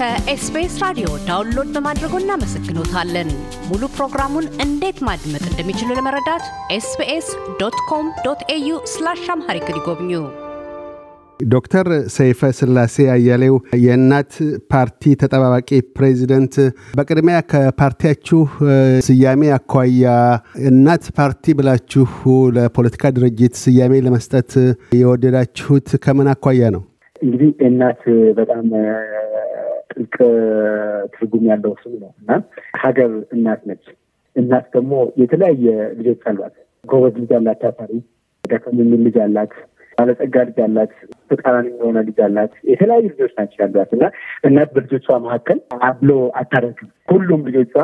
ከኤስቢኤስ ራዲዮ ዳውንሎድ በማድረጎ እናመሰግኖታለን። ሙሉ ፕሮግራሙን እንዴት ማድመጥ እንደሚችሉ ለመረዳት ኤስቢኤስ ዶት ኮም ዶት ኤዩ ስላሽ አምሃሪክ ይጎብኙ። ዶክተር ሰይፈ ስላሴ አያሌው የእናት ፓርቲ ተጠባባቂ ፕሬዚደንት፣ በቅድሚያ ከፓርቲያችሁ ስያሜ አኳያ እናት ፓርቲ ብላችሁ ለፖለቲካ ድርጅት ስያሜ ለመስጠት የወደዳችሁት ከምን አኳያ ነው? እንግዲህ እናት በጣም ትልቅ ትርጉም ያለው ስም ነው እና ሀገር እናት ነች። እናት ደግሞ የተለያየ ልጆች አሏት። ጎበዝ ልጅ አላት፣ ታታሪ ደከም የሚል ልጅ አላት፣ ባለጸጋ ልጅ አላት፣ ተቃራኒ የሆነ ልጅ አላት። የተለያዩ ልጆች ናቸው ያሏት እና እናት በልጆቿ መካከል አብሎ አታረግም። ሁሉም ልጆቿ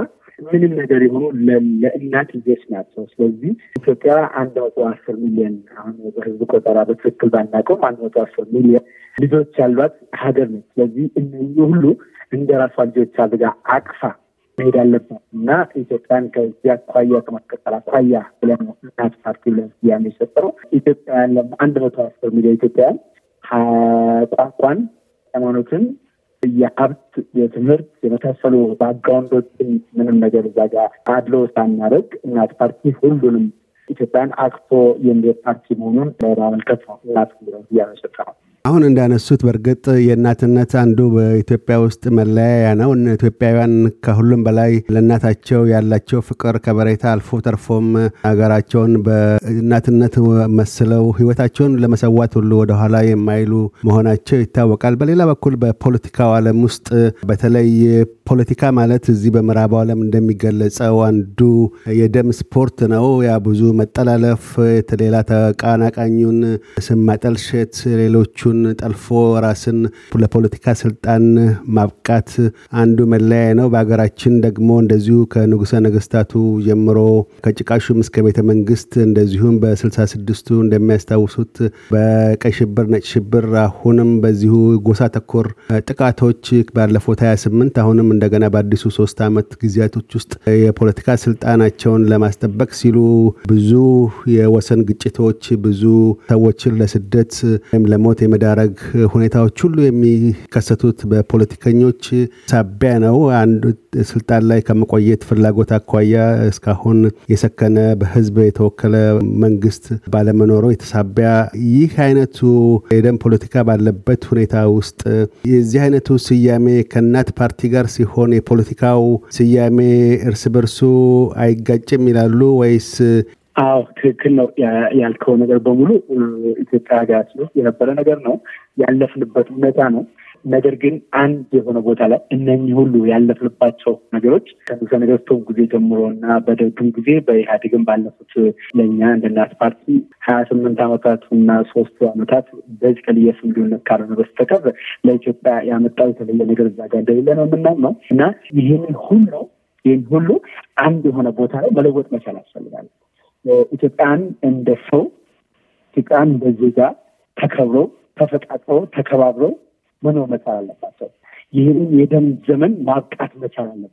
ምንም ነገር የሆኑ ለእናት ልጆች ናቸው። ስለዚህ ኢትዮጵያ አንድ መቶ አስር ሚሊዮን አሁን በህዝብ ቆጠራ በትክክል ባናውቀውም አንድ መቶ አስር ሚሊዮን ልጆች ያሏት ሀገር ነች። ስለዚህ እነዚህ ሁሉ እንደ ራሷ ልጆች አድጋ አቅፋ መሄድ አለባት እና ኢትዮጵያን ከዚህ አኳያ ከማስቀጠል አኳያ ብለን እናት ፓርቲ ብለን ስያሜ የሰጠነው ኢትዮጵያውያን አንድ መቶ አስር ሚሊዮን ኢትዮጵያውያን ቋንቋን፣ ሃይማኖትን፣ የሀብት፣ የትምህርት የመሳሰሉ ባክግራውንዶችን ምንም ነገር እዛ ጋር አድሎ ሳናደርግ እናት ፓርቲ ሁሉንም ኢትዮጵያን አቅፎ የሚሄድ ፓርቲ መሆኑን ለማመልከት ነው እናት ብለን ስያሜ የሰጠነው። አሁን እንዳነሱት በእርግጥ የእናትነት አንዱ በኢትዮጵያ ውስጥ መለያያ ነው። ኢትዮጵያውያን ከሁሉም በላይ ለእናታቸው ያላቸው ፍቅር፣ ከበሬታ አልፎ ተርፎም ሀገራቸውን በእናትነት መስለው ህይወታቸውን ለመሰዋት ሁሉ ወደኋላ የማይሉ መሆናቸው ይታወቃል። በሌላ በኩል በፖለቲካው ዓለም ውስጥ በተለይ ፖለቲካ ማለት እዚህ በምዕራቡ ዓለም እንደሚገለጸው አንዱ የደም ስፖርት ነው። ያ ብዙ መጠላለፍ፣ ሌላ ተቃናቃኙን ስም ማጠልሸት፣ ሌሎቹ ራሱን ጠልፎ ራስን ለፖለቲካ ስልጣን ማብቃት አንዱ መለያ ነው። በሀገራችን ደግሞ እንደዚሁ ከንጉሰ ነገስታቱ ጀምሮ ከጭቃሹም እስከ ቤተ መንግስት እንደዚሁም በስልሳ ስድስቱ እንደሚያስታውሱት በቀይ ሽብር፣ ነጭ ሽብር አሁንም በዚሁ ጎሳ ተኮር ጥቃቶች ባለፉት 28 አሁንም እንደገና በአዲሱ ሶስት ዓመት ጊዜያቶች ውስጥ የፖለቲካ ስልጣናቸውን ለማስጠበቅ ሲሉ ብዙ የወሰን ግጭቶች ብዙ ሰዎችን ለስደት ወይም ለሞት የመዳረግ ሁኔታዎች ሁሉ የሚከሰቱት በፖለቲከኞች ሳቢያ ነው። አንዱ ስልጣን ላይ ከመቆየት ፍላጎት አኳያ እስካሁን የሰከነ በህዝብ የተወከለ መንግስት ባለመኖሩ የተሳቢያ ይህ አይነቱ የደም ፖለቲካ ባለበት ሁኔታ ውስጥ የዚህ አይነቱ ስያሜ ከእናት ፓርቲ ጋር ሲሆን የፖለቲካው ስያሜ እርስ በርሱ አይጋጭም ይላሉ ወይስ አዎ ትክክል ነው ያልከው ነገር በሙሉ ኢትዮጵያ ሀገራችን ውስጥ የነበረ ነገር ነው፣ ያለፍንበት ሁኔታ ነው። ነገር ግን አንድ የሆነ ቦታ ላይ እነኚህ ሁሉ ያለፍንባቸው ነገሮች ከንጉሠ ነገሥቱ ጊዜ ጀምሮ እና በደርግም ጊዜ በኢህአዴግም ባለፉት ለእኛ እንደናት ፓርቲ ሀያ ስምንት ዓመታት እና ሶስቱ ዓመታት በዚህ ከልየ ስም ልዩነት ካልሆነ በስተቀር ለኢትዮጵያ ያመጣው የተለየ ነገር እዛ ጋር እንደሌለ ነው የምናምነው እና ይህንን ሁሉ ይህን ሁሉ አንድ የሆነ ቦታ ላይ መለወጥ መቻል ያስፈልጋል። ኢትዮጵያን እንደ ሰው ኢትዮጵያን ዜጋ ተከብረው ተፈቃቅረው ተከባብረው መኖር መቻል አለባቸው። ይህንን የደም ዘመን ማብቃት መቻል አለበት።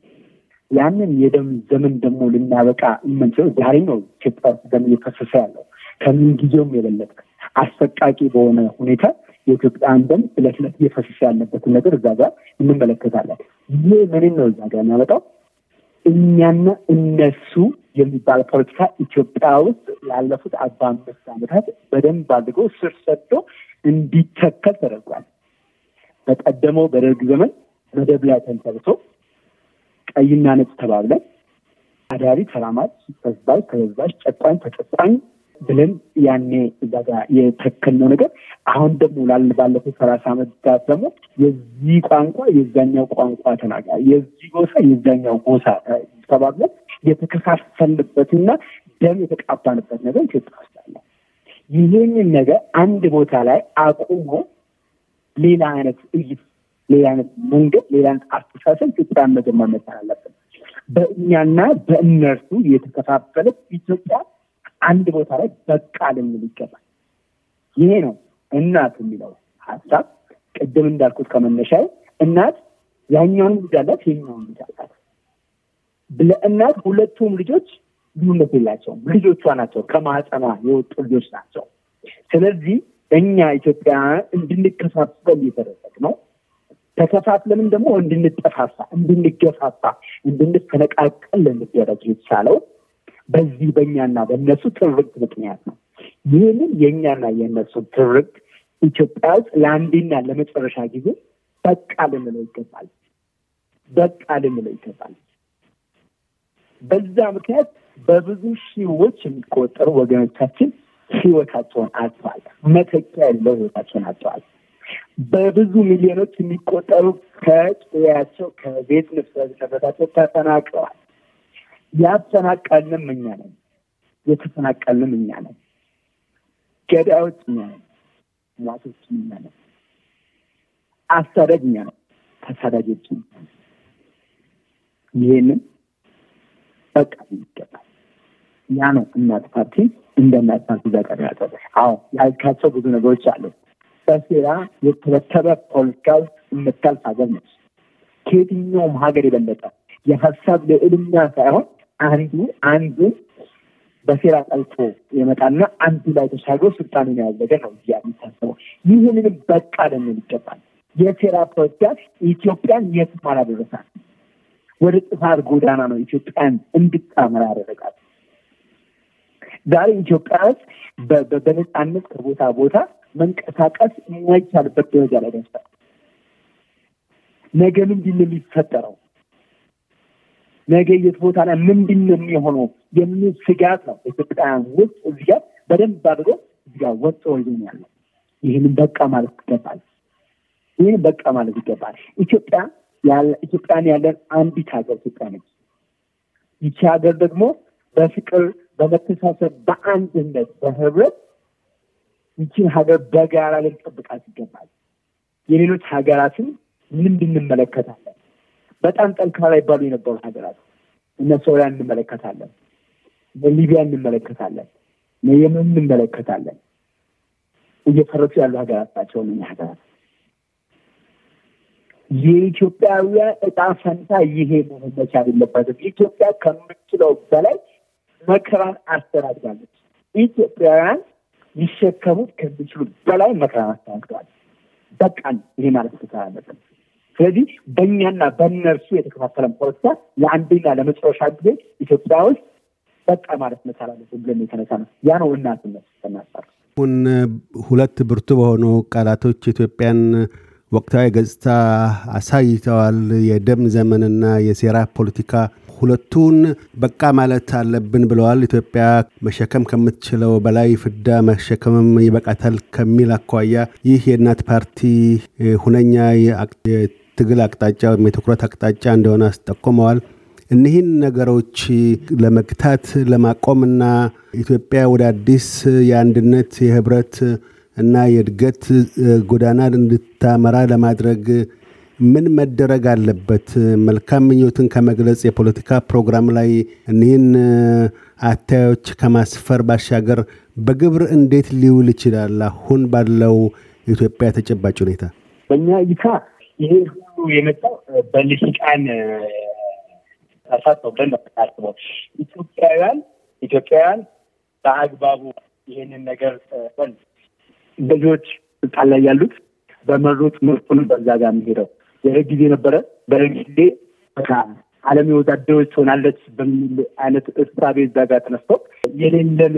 ያንን የደም ዘመን ደግሞ ልናበቃ የምንችለው ዛሬ ነው። ኢትዮጵያ ውስጥ ደም እየፈሰሰ ያለው ከምን ጊዜውም የበለጠ አሰቃቂ በሆነ ሁኔታ የኢትዮጵያን ደም ዕለት እለት እየፈሰሰ ያለበትን ነገር እዛ ጋር እንመለከታለን። ይህ ምንን ነው እዛ ጋር የሚያመጣው? እኛና እነሱ የሚባል ፖለቲካ ኢትዮጵያ ውስጥ ላለፉት አርባ አምስት ዓመታት በደንብ አድርጎ ስር ሰዶ እንዲተከል ተደርጓል። በቀደመው በደርግ ዘመን መደብ ላይ ተንተርሶ ቀይና ነጭ ተባብለን አዳሪ፣ ተራማጅ፣ ተዝባጅ፣ ተበዝባዥ፣ ጨቋኝ፣ ተጨቋኝ ብለን ያኔ እዛጋ የተከልነው ነገር አሁን ደግሞ ላል ባለፉት ሰላሳ ዓመታት ደግሞ የዚህ ቋንቋ የዛኛው ቋንቋ ተናጋሪ፣ የዚህ ጎሳ የዛኛው ጎሳ ተባብለን የተከፋፈልበትና ደም የተቃባንበት ነገር ኢትዮጵያ ውስጥ አለ። ይህንን ነገር አንድ ቦታ ላይ አቁሞ ሌላ አይነት እይት፣ ሌላ አይነት መንገድ፣ ሌላ አይነት አስተሳሰብ ኢትዮጵያን መጀመር መቻል አለብን። በእኛና በእነርሱ የተከፋፈለ ኢትዮጵያ አንድ ቦታ ላይ በቃ ልንል ይገባል። ይሄ ነው እናት የሚለው ሀሳብ። ቅድም እንዳልኩት ከመነሻ እናት ያኛውን ልጅ አላት፣ ይህኛውን ልጅ አላት። ለእናት ሁለቱም ልጆች ልዩነት የላቸውም። ልጆቿ ናቸው፣ ከማህፀኗ የወጡ ልጆች ናቸው። ስለዚህ እኛ ኢትዮጵያውያን እንድንከፋፈል እየተደረግ ነው። ተከፋፍለንም ደግሞ እንድንጠፋፋ፣ እንድንገፋፋ፣ እንድንፈነቃቀል ልንደረግ የተቻለው በዚህ በእኛና በእነሱ ትርክት ምክንያት ነው። ይህንን የእኛና የእነሱ ትርክት ኢትዮጵያ ውስጥ ለአንዴና ለመጨረሻ ጊዜ በቃ ልንለው ይገባል። በቃ ልንለው ይገባል። በዛ ምክንያት በብዙ ሺዎች የሚቆጠሩ ወገኖቻችን ህይወታቸውን አጥተዋል። መተኪያ ያለው ህይወታቸውን አጥተዋል። በብዙ ሚሊዮኖች የሚቆጠሩ ከቀያቸው ከቤት ንብረታቸው ተፈናቅለዋል። ያፈናቀልንም እኛ ነን። የተፈናቀልንም እኛ ነን። ገዳዮች እኛ ነን። ሟቶች እኛ ነን። አሳዳጅ እኛ ነን። ተሳዳጆች እኛ ነን። ይህንን በቃ ይገባል። ያ ነው እናት ፓርቲ እንደ እናት ፓርቲ ዘቀር ያጠረ አዎ ያልካቸው ብዙ ነገሮች አሉ። በሴራ የተበተበ ፖለቲካ ውስጥ የምታልፍ ሀገር ነች። ከየትኛውም ሀገር የበለጠ የሀሳብ ልዕልና ሳይሆን አንዱ አንዱ በሴራ ጠልቶ የመጣና አንዱ ላይ ተሻግሮ ስልጣኑን የያዘ ነው እዚ የሚታሰበው። ይህንንም በቃ ልንል ይገባል። የሴራ ፕሮዳክት ኢትዮጵያን የትም አላደረሳት። ወደ ጥፋት ጎዳና ነው ኢትዮጵያን እንድታመራ ያደረጋል። ዛሬ ኢትዮጵያ ውስጥ በነፃነት ከቦታ ቦታ መንቀሳቀስ የማይቻልበት ደረጃ ላይ ደርሳል። ነገ ምንድን ነው የሚፈጠረው? ነገ የት ቦታ ላይ ምንድን ነው የሚሆነው የሚል ስጋት ነው ኢትዮጵያውያን ውስጥ እዚህ በደንብ አድርጎ እዚህ ወጥ ወጥቶ ይዞን ያለው። ይህንን በቃ ማለት ይገባል። ይህንን በቃ ማለት ይገባል። ኢትዮጵያ ኢትዮጵያን ያለን አንዲት ሀገር ኢትዮጵያ ነች። ይቺ ሀገር ደግሞ በፍቅር በመተሳሰብ፣ በአንድነት፣ በህብረት ይችን ሀገር በጋራ ልንጠብቃት ይገባል። የሌሎች ሀገራትን ምን እንድንመለከታለን በጣም ጠንካራ ይባሉ የነበሩ ሀገራት እነ ሶሪያ እንመለከታለን፣ በሊቢያ እንመለከታለን፣ የመን እንመለከታለን። እየፈረሱ ያሉ ሀገራት ናቸው። እነ ሀገራት የኢትዮጵያውያን እጣ ፈንታ ይሄ መሆን መቻል የለበትም። ኢትዮጵያ ከምችለው በላይ መከራን አስተናግዳለች። ኢትዮጵያውያን ሊሸከሙት ከሚችሉት በላይ መከራን አስተናግደዋል። በቃን። ይሄ ማለት ትክክል አለብን። ስለዚህ በእኛና በእነርሱ የተከፋፈለን ፖለቲካ ለአንድና ለመጨረሻ ጊዜ ኢትዮጵያ ውስጥ በቃ ማለት መቻል አለብን ብለን የተነሳ ነው። ያ ነው እናትነት ስናስጠር አሁን ሁለት ብርቱ በሆኑ ቃላቶች ኢትዮጵያን ወቅታዊ ገጽታ አሳይተዋል። የደም ዘመንና የሴራ ፖለቲካ ሁለቱን በቃ ማለት አለብን ብለዋል። ኢትዮጵያ መሸከም ከምትችለው በላይ ፍዳ መሸከምም ይበቃታል ከሚል አኳያ ይህ የእናት ፓርቲ ሁነኛ የትግል አቅጣጫ ወይም የትኩረት አቅጣጫ እንደሆነ አስጠቁመዋል። እኒህን ነገሮች ለመግታት ለማቆምና ኢትዮጵያ ወደ አዲስ የአንድነት የህብረት እና የእድገት ጎዳና እንድታመራ ለማድረግ ምን መደረግ አለበት? መልካም ምኞትን ከመግለጽ የፖለቲካ ፕሮግራም ላይ እኒህን አታዮች ከማስፈር ባሻገር በግብር እንዴት ሊውል ይችላል? አሁን ባለው ኢትዮጵያ ተጨባጭ ሁኔታ በእኛ እይታ ይሄ የመጣው በልሂቃን ተሳሰው ብለን ታስበው ኢትዮጵያውያን ኢትዮጵያውያን በአግባቡ ይህንን ነገር ገዢዎች ስልጣን ላይ ያሉት በመሩት ምርጡን በዛ ጋር የሚሄደው የህግ ጊዜ ነበረ። በህግ ጊዜ አለም የወዛደሮች የወታደሮች ትሆናለች በሚል አይነት እሳቤ እዛ ጋር ተነስቶ የሌለን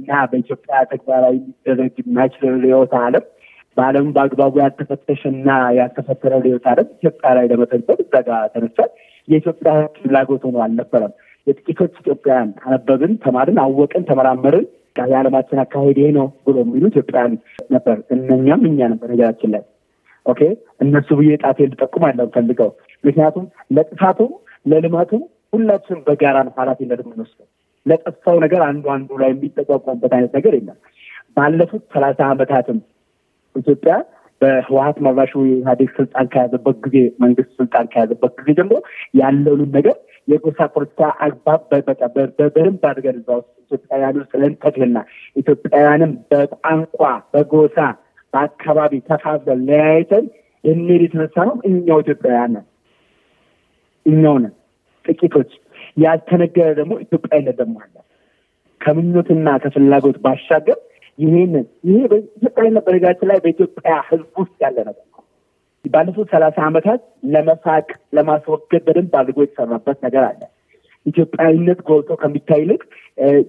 እና በኢትዮጵያ ተግባራዊ ሊደረግ የማይችል ርዕዮተ አለም በዓለም በአግባቡ ያልተፈተሸና ያልተፈተረ ሊወት አለም ኢትዮጵያ ላይ ለመተግበር እዛ ጋ ተነስቷል። የኢትዮጵያ ፍላጎት ሆኖ አልነበረም። የጥቂቶች ኢትዮጵያውያን አነበብን፣ ተማርን፣ አወቅን፣ ተመራመርን የዓለማችን አካሄድ ይሄ ነው ብሎ የሚሉ ኢትዮጵያውያን ነበር። እነኛም እኛ ነበር ነገራችን ላይ ኦኬ። እነሱ ብዬ ጣቴ ልጠቁም አለው ፈልገው። ምክንያቱም ለጥፋቱም ለልማቱም ሁላችንም በጋራ ነው ኃላፊነት የምንወስደው። ለጠፋው ነገር አንዱ አንዱ ላይ የሚጠቋቋሙበት አይነት ነገር የለም። ባለፉት ሰላሳ ዓመታትም ኢትዮጵያ በህወሀት መራሹ ኢህአዴግ ስልጣን ከያዘበት ጊዜ መንግስት ስልጣን ከያዘበት ጊዜ ደግሞ ያለውን ነገር የጎሳ ፖለቲካ አግባብ በደንብ አድርገን እዛ ውስጥ ኢትዮጵያውያኑ ውስጥ ኢትዮጵያውያንም በቋንቋ በጎሳ በአካባቢ ተፋፍለን ለያይተን የሚል የተነሳ ነው። እኛው ኢትዮጵያውያን ነን፣ እኛው ነን ጥቂቶች። ያልተነገረ ደግሞ ኢትዮጵያዊነት ደግሞ አለ። ከምኞትና ከፍላጎት ባሻገር ይሄንን ይሄ በኢትዮጵያዊነት በነገራችን ላይ በኢትዮጵያ ሕዝብ ውስጥ ያለ ነገር ነው። ባለፉት ሰላሳ ዓመታት ለመፋቅ ለማስወገድ በደንብ አድርጎ የተሰራበት ነገር አለ። ኢትዮጵያዊነት ጎልቶ ከሚታይ ይልቅ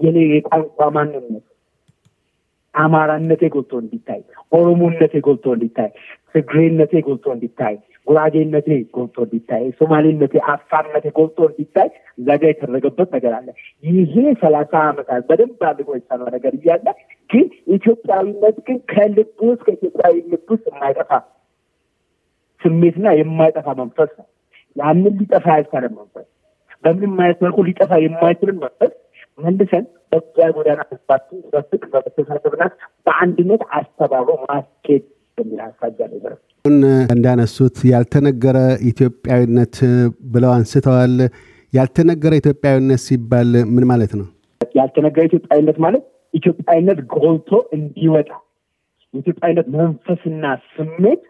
የኔ የቋንቋ ማንነት አማራነቴ ጎልቶ እንዲታይ፣ ኦሮሞነቴ ጎልቶ እንዲታይ፣ ትግሬነቴ ጎልቶ እንዲታይ ጉራጌነቴ ጎልቶ እንዲታይ፣ ሶማሌነቴ፣ አፋርነቴ ጎልቶ እንዲታይ እዛ ጋር የተደረገበት ነገር አለ። ይሄ ሰላሳ ዓመታት በደንብ አድርጎ የተሰራ ነገር እያለ ግን ኢትዮጵያዊነት ግን ከልብ ውስጥ ከኢትዮጵያዊ ልብ ውስጥ የማይጠፋ ስሜትና የማይጠፋ መንፈስ ነው። ያንን ሊጠፋ ያልቻለን መንፈስ በምንም አይነት መልኩ ሊጠፋ የማይችልን መንፈስ መልሰን በዚያ ጎዳና ህዝባችን በፍቅር በመተሳሰብና በአንድነት አስተባብሮ ማስኬድ የሚል ሀሳብ ያለ አሁን እንዳነሱት ያልተነገረ ኢትዮጵያዊነት ብለው አንስተዋል። ያልተነገረ ኢትዮጵያዊነት ሲባል ምን ማለት ነው? ያልተነገረ ኢትዮጵያዊነት ማለት ኢትዮጵያዊነት ጎልቶ እንዲወጣ የኢትዮጵያዊነት መንፈስና ስሜት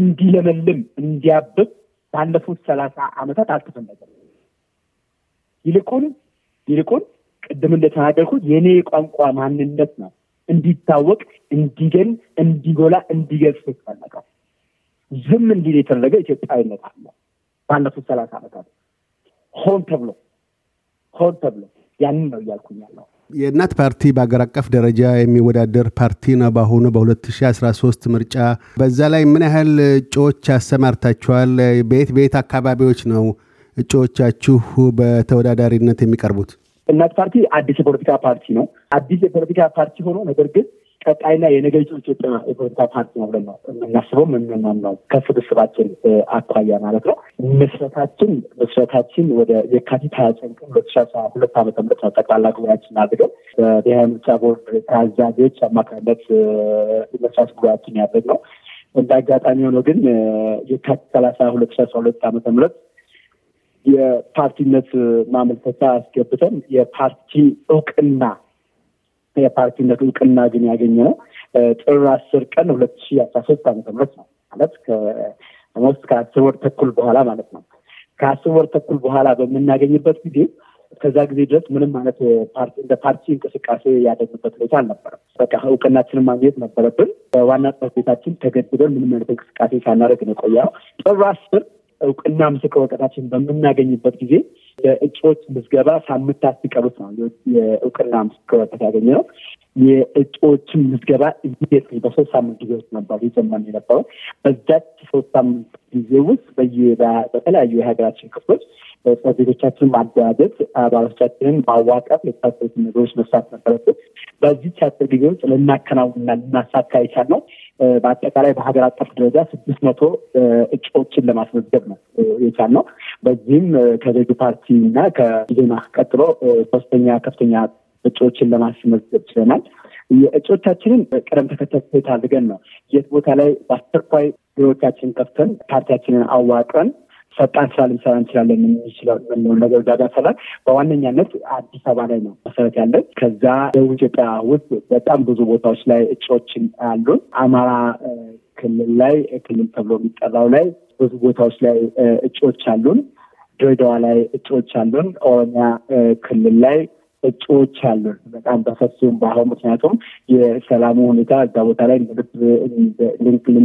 እንዲለመልም እንዲያብብ ባለፉት ሰላሳ ዓመታት አልተፈለገም። ይልቁን ይልቁን ቅድም እንደተናገርኩት የኔ የቋንቋ ማንነት ነው እንዲታወቅ፣ እንዲገን፣ እንዲጎላ፣ እንዲገልጽ ይፈለጋል። ዝም እንዲል የተደረገ ኢትዮጵያዊነት አለ። ባለፉት ሰላሳ ዓመታት ሆን ተብሎ ሆን ተብሎ ያንን ነው እያልኩኝ ያለው። የእናት ፓርቲ በአገር አቀፍ ደረጃ የሚወዳደር ፓርቲ ነው። በአሁኑ በ2013 ምርጫ በዛ ላይ ምን ያህል እጩዎች አሰማርታችኋል? በየት በየት አካባቢዎች ነው እጩዎቻችሁ በተወዳዳሪነት የሚቀርቡት? እናት ፓርቲ አዲስ የፖለቲካ ፓርቲ ነው። አዲስ የፖለቲካ ፓርቲ ሆኖ ነገር ግን ቀጣይና የነገሪቱ ኢትዮጵያ የፖለቲካ ፓርቲ ነው ብለን ነው የምናስበው የምንማምነው ከስብስባችን አኳያ ማለት ነው። መስረታችን መስረታችን ወደ የካቲት ሀያ ዘጠኝ ቀን ሁለት ሺ አስራ ሁለት ዓመተ ምህረት ነው ጠቅላላ ጉባኤያችን አድርገን በብሔራዊ ምርጫ ቦርድ ታዛቢዎች አማካኝነት መስራት ጉባኤያችን ነው። እንደ አጋጣሚ ሆኖ ግን የካቲት ሰላሳ ሁለት ሺ አስራ ሁለት ዓመተ ምህረት የፓርቲነት ማመልከቻ አስገብተን የፓርቲ እውቅና የፓርቲነት እውቅና ግን ያገኘ ነው ጥር አስር ቀን ሁለት ሺ አስራ ሶስት ዓመተ ምህረት ነው ማለት ከሞስት ከአስር ወር ተኩል በኋላ ማለት ነው። ከአስር ወር ተኩል በኋላ በምናገኝበት ጊዜ ከዛ ጊዜ ድረስ ምንም አይነት እንደ ፓርቲ እንቅስቃሴ ያደግንበት ሁኔታ አልነበረም። በቃ እውቅናችንን ማግኘት ነበረብን። በዋና ጽሕፈት ቤታችን ተገድበን ምንም አይነት እንቅስቃሴ ሳናደርግ ነው የቆየነው። ጥር አስር እውቅና ምስክር ወረቀታችን በምናገኝበት ጊዜ የእጩዎች ምዝገባ ሳምንታት ሲቀሩት ነው የእውቅና ምስክር ያገኘ ነው። የእጩዎችን ምዝገባ ኢሚዲየት በሶስት ሳምንት ጊዜ ውስጥ ነበር የጀመርነው የነበረው። በዛች ሶስት ሳምንት ጊዜ ውስጥ በተለያዩ የሀገራችን ክፍሎች ጽሕፈት ቤቶቻችንን ማደራጀት፣ አባሎቻችንን ማዋቀር የተሳሰሩት ነገሮች መስራት ነበረብን። በዚህ አጭር ጊዜ ውስጥ ልናከናውንና ልናሳካ የቻልነው በአጠቃላይ በሀገር አቀፍ ደረጃ ስድስት መቶ እጩዎችን ለማስመዝገብ ነው የቻልነው። በዚህም ከዜጉ ፓርቲ እና ከኢዜማ ቀጥሎ ሶስተኛ ከፍተኛ እጩዎችን ለማስመዝገብ ችለናል። የእጩዎቻችንን ቅደም ተከተል አድርገን ነው የት ቦታ ላይ በአስቸኳይ ቢሮዎቻችንን ከፍተን ፓርቲያችንን አዋቅረን ፈጣን ስራ ልንሰራ እንችላለን የሚችለው ነገር ዳዳሳ ላይ በዋነኛነት አዲስ አበባ ላይ ነው መሰረት ያለን። ከዛ ደቡብ ኢትዮጵያ ውስጥ በጣም ብዙ ቦታዎች ላይ እጩዎችን አሉ። አማራ ክልል ላይ ክልል ተብሎ የሚጠራው ላይ ብዙ ቦታዎች ላይ እጩዎች አሉን። ድሬዳዋ ላይ እጩዎች አሉን። ኦሮሚያ ክልል ላይ እጩዎች አሉን በጣም በሰፊው በአሁን ምክንያቱም የሰላሙ ሁኔታ እዛ ቦታ ላይ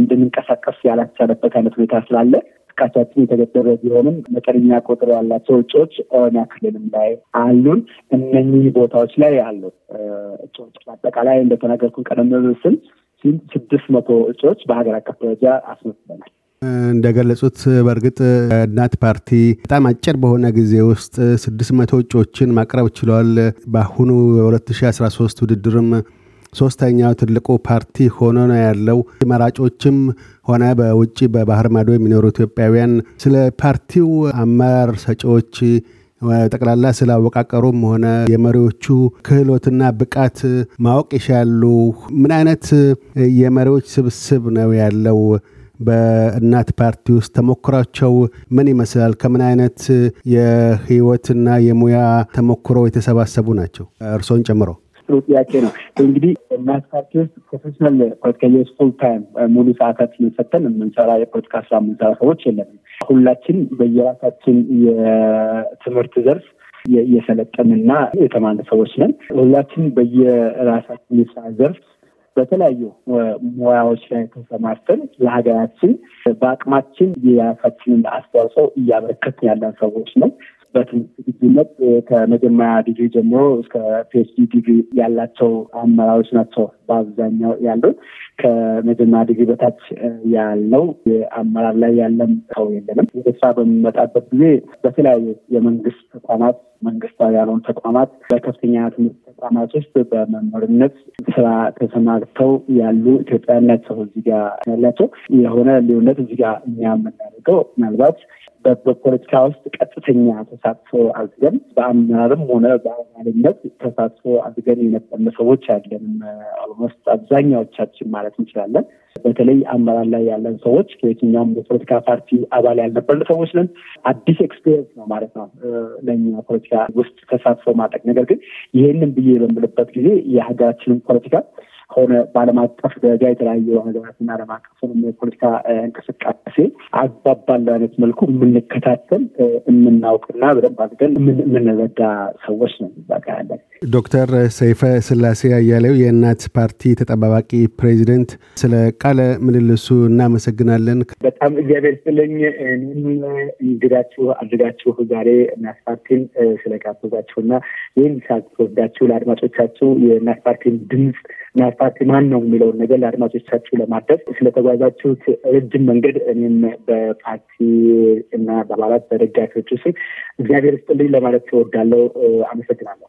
እንድንንቀሳቀስ ያላቻለበት አይነት ሁኔታ ስላለ እንቅስቃሴያችን የተገደበ ቢሆንም መጠነኛ ቁጥር ያላቸው እጩዎች ኦሮሚያ ክልልም ላይ አሉን። እነኚህ ቦታዎች ላይ አሉ እጩዎች በአጠቃላይ እንደተናገርኩ ቀደም ስል ስድስት መቶ እጩዎች በሀገር አቀፍ ደረጃ አስመስለናል እንደገለጹት በእርግጥ እናት ፓርቲ በጣም አጭር በሆነ ጊዜ ውስጥ መቶ እጩዎችን ማቅረብ ችሏል። በአሁኑ 2013 ውድድርም ሶስተኛው ትልቁ ፓርቲ ሆኖ ነው ያለው። መራጮችም ሆነ በውጭ በባህር ማዶ የሚኖሩ ኢትዮጵያውያን ስለ ፓርቲው አመራር ሰጪዎች ጠቅላላ ስለ አወቃቀሩም ሆነ የመሪዎቹ ክህሎትና ብቃት ማወቅ ይሻሉ። ምን አይነት የመሪዎች ስብስብ ነው ያለው? በእናት ፓርቲ ውስጥ ተሞክሯቸው ምን ይመስላል? ከምን አይነት የህይወትና የሙያ ተሞክሮ የተሰባሰቡ ናቸው እርሶን ጨምሮ? ጥሩ ጥያቄ ነው። እንግዲህ እናት ፓርቲ ውስጥ ፕሮፌሽናል ፖድካስት ፉል ታይም ሙሉ ሰዓታት እየሰጠን የምንሰራ የፖለቲካ ስራ የምንሰራ ሰዎች የለንም። ሁላችን በየራሳችን የትምህርት ዘርፍ የሰለጠንና የተማነ ሰዎች ነን። ሁላችን በየራሳችን የስራ ዘርፍ በተለያዩ ሙያዎች ላይ ተሰማርተን ለሀገራችን በአቅማችን የራሳችንን አስተዋጽኦ እያበረከትን ያለን ሰዎች ነው። በዝግጁነት ከመጀመሪያ ዲግሪ ጀምሮ እስከ ፒኤችዲ ዲግሪ ያላቸው አመራሮች ናቸው በአብዛኛው ያሉት። ከመጀመሪያ ዲግሪ በታች ያለው አመራር ላይ ያለም ሰው የለንም። ወደ ስራ በሚመጣበት ጊዜ በተለያዩ የመንግስት ተቋማት መንግስታዊ ያልሆኑ ተቋማት በከፍተኛ ትምህርት ተቋማት ውስጥ በመምህርነት ስራ ተሰማርተው ያሉ ኢትዮጵያውያን ናቸው እዚጋ ያላቸው የሆነ ልዩነት እዚጋ እኛ የምናደርገው ምናልባት በፖለቲካ ውስጥ ቀጥተኛ ተሳትፎ አድርገን በአመራርም ሆነ በአባልነት ተሳትፎ አድርገን የነበርን ሰዎች አለን። ኦልሞስት አብዛኛዎቻችን ማለት እንችላለን። በተለይ አመራር ላይ ያለን ሰዎች ከየትኛውም የፖለቲካ ፓርቲ አባል ያልነበርን ሰዎች ነን። አዲስ ኤክስፔሪንስ ነው ማለት ነው ለኛ ፖለቲካ ውስጥ ተሳትፎ ማድረግ። ነገር ግን ይህንን ብዬ በምልበት ጊዜ የሀገራችንን ፖለቲካ ሆነ በዓለም አቀፍ ደረጃ የተለያዩ ሀገራትና ዓለም አቀፍ የፖለቲካ እንቅስቃሴ አግባባለ አይነት መልኩ የምንከታተል የምናውቅና በደንብ አድርገን የምንረዳ ሰዎች ነው ያለን። ዶክተር ሰይፈ ስላሴ አያሌው የእናት ፓርቲ ተጠባባቂ ፕሬዚደንት ስለ ቃለ ምልልሱ እናመሰግናለን። በጣም እግዚአብሔር ስለኝ እንግዳችሁ አድርጋችሁ ዛሬ ስለጋበዛችሁ እና ይህን ሰዓት ወስዳችሁ ለአድማጮቻችሁ የእናስፓርቲን ድምፅ እናስፓርቲ ማን ነው የሚለውን ነገር ለአድማጮቻችሁ ለማድረስ ስለተጓዛችሁት ረጅም መንገድ እኔም በፓርቲ እና በአባላት በደጋፊዎቹ ስም እግዚአብሔር ስጥልኝ ለማለት እወዳለሁ። አመሰግናለሁ።